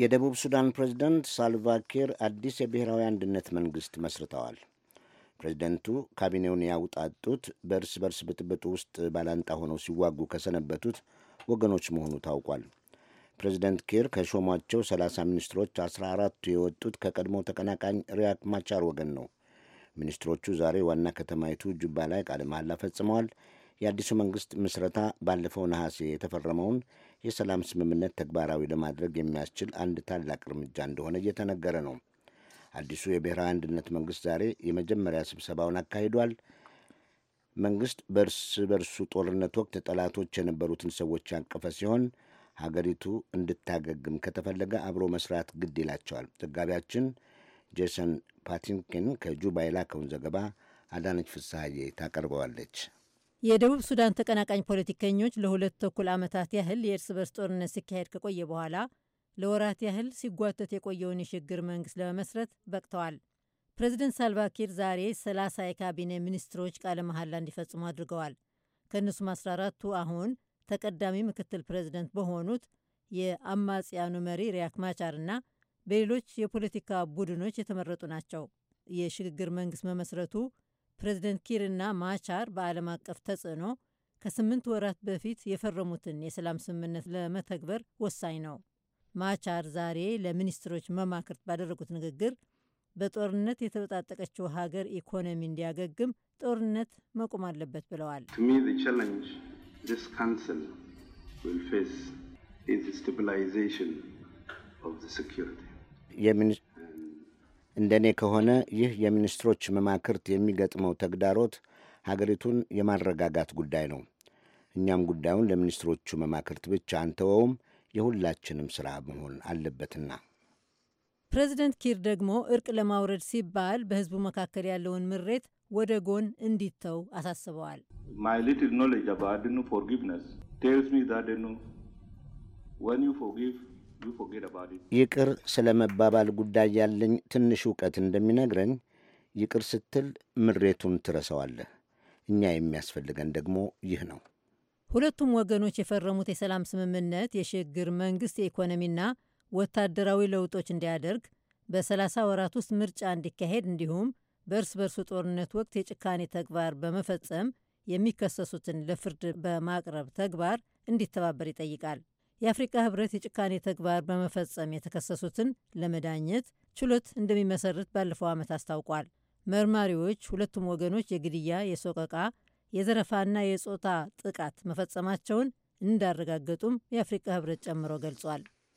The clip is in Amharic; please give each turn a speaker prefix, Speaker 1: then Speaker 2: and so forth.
Speaker 1: የደቡብ ሱዳን ፕሬዝደንት ሳልቫኪር አዲስ የብሔራዊ አንድነት መንግሥት መስርተዋል። ፕሬዚደንቱ ካቢኔውን ያውጣጡት በእርስ በርስ ብጥብጥ ውስጥ ባላንጣ ሆነው ሲዋጉ ከሰነበቱት ወገኖች መሆኑ ታውቋል። ፕሬዚደንት ኪር ከሾሟቸው 30 ሚኒስትሮች 14ቱ የወጡት ከቀድሞ ተቀናቃኝ ሪያክ ማቻር ወገን ነው። ሚኒስትሮቹ ዛሬ ዋና ከተማይቱ ጁባ ላይ ቃለ መሐላ ፈጽመዋል። የአዲሱ መንግሥት ምስረታ ባለፈው ነሐሴ የተፈረመውን የሰላም ስምምነት ተግባራዊ ለማድረግ የሚያስችል አንድ ታላቅ እርምጃ እንደሆነ እየተነገረ ነው። አዲሱ የብሔራዊ አንድነት መንግስት ዛሬ የመጀመሪያ ስብሰባውን አካሂዷል። መንግስት በእርስ በርሱ ጦርነት ወቅት ጠላቶች የነበሩትን ሰዎች ያቀፈ ሲሆን ሀገሪቱ እንድታገግም ከተፈለገ አብሮ መስራት ግድ ይላቸዋል። ዘጋቢያችን ጄሰን ፓቲንኪን ከጁባ የላከውን ዘገባ አዳነች ፍስሐዬ ታቀርበዋለች።
Speaker 2: የደቡብ ሱዳን ተቀናቃኝ ፖለቲከኞች ለሁለት ተኩል ዓመታት ያህል የእርስ በርስ ጦርነት ሲካሄድ ከቆየ በኋላ ለወራት ያህል ሲጓተት የቆየውን የሽግግር መንግስት ለመመስረት በቅተዋል። ፕሬዚደንት ሳልቫኪር ዛሬ 30 የካቢኔ ሚኒስትሮች ቃለ መሐላ እንዲፈጽሙ አድርገዋል። ከእነሱም 14ቱ አሁን ተቀዳሚ ምክትል ፕሬዚደንት በሆኑት የአማጽያኑ መሪ ሪያክ ማቻርና በሌሎች የፖለቲካ ቡድኖች የተመረጡ ናቸው። የሽግግር መንግስት መመስረቱ ፕሬዚደንት ኪርና ማቻር በዓለም አቀፍ ተጽዕኖ ከስምንት ወራት በፊት የፈረሙትን የሰላም ስምምነት ለመተግበር ወሳኝ ነው። ማቻር ዛሬ ለሚኒስትሮች መማክርት ባደረጉት ንግግር በጦርነት የተበጣጠቀችው ሀገር ኢኮኖሚ እንዲያገግም ጦርነት መቆም አለበት ብለዋል።
Speaker 1: የሚኒስ እንደኔ ከሆነ ይህ የሚኒስትሮች መማክርት የሚገጥመው ተግዳሮት ሀገሪቱን የማረጋጋት ጉዳይ ነው። እኛም ጉዳዩን ለሚኒስትሮቹ መማክርት ብቻ አንተወውም፣ የሁላችንም ስራ መሆን አለበትና።
Speaker 2: ፕሬዚደንት ኪር ደግሞ እርቅ ለማውረድ ሲባል በህዝቡ መካከል ያለውን ምሬት ወደ ጎን እንዲተው አሳስበዋል።
Speaker 1: ይቅር ስለ መባባል ጉዳይ ያለኝ ትንሽ እውቀት እንደሚነግረኝ ይቅር ስትል ምሬቱን ትረሰዋለህ። እኛ የሚያስፈልገን ደግሞ ይህ ነው።
Speaker 2: ሁለቱም ወገኖች የፈረሙት የሰላም ስምምነት የሽግግር መንግስት የኢኮኖሚና ወታደራዊ ለውጦች እንዲያደርግ በ30 ወራት ውስጥ ምርጫ እንዲካሄድ እንዲሁም በእርስ በርሱ ጦርነት ወቅት የጭካኔ ተግባር በመፈጸም የሚከሰሱትን ለፍርድ በማቅረብ ተግባር እንዲተባበር ይጠይቃል። የአፍሪካ ህብረት የጭካኔ ተግባር በመፈጸም የተከሰሱትን ለመዳኘት ችሎት እንደሚመሰርት ባለፈው ዓመት አስታውቋል። መርማሪዎች ሁለቱም ወገኖች የግድያ፣ የሶቀቃ፣ የዘረፋና የጾታ ጥቃት መፈጸማቸውን እንዳረጋገጡም የአፍሪካ ህብረት ጨምሮ ገልጿል።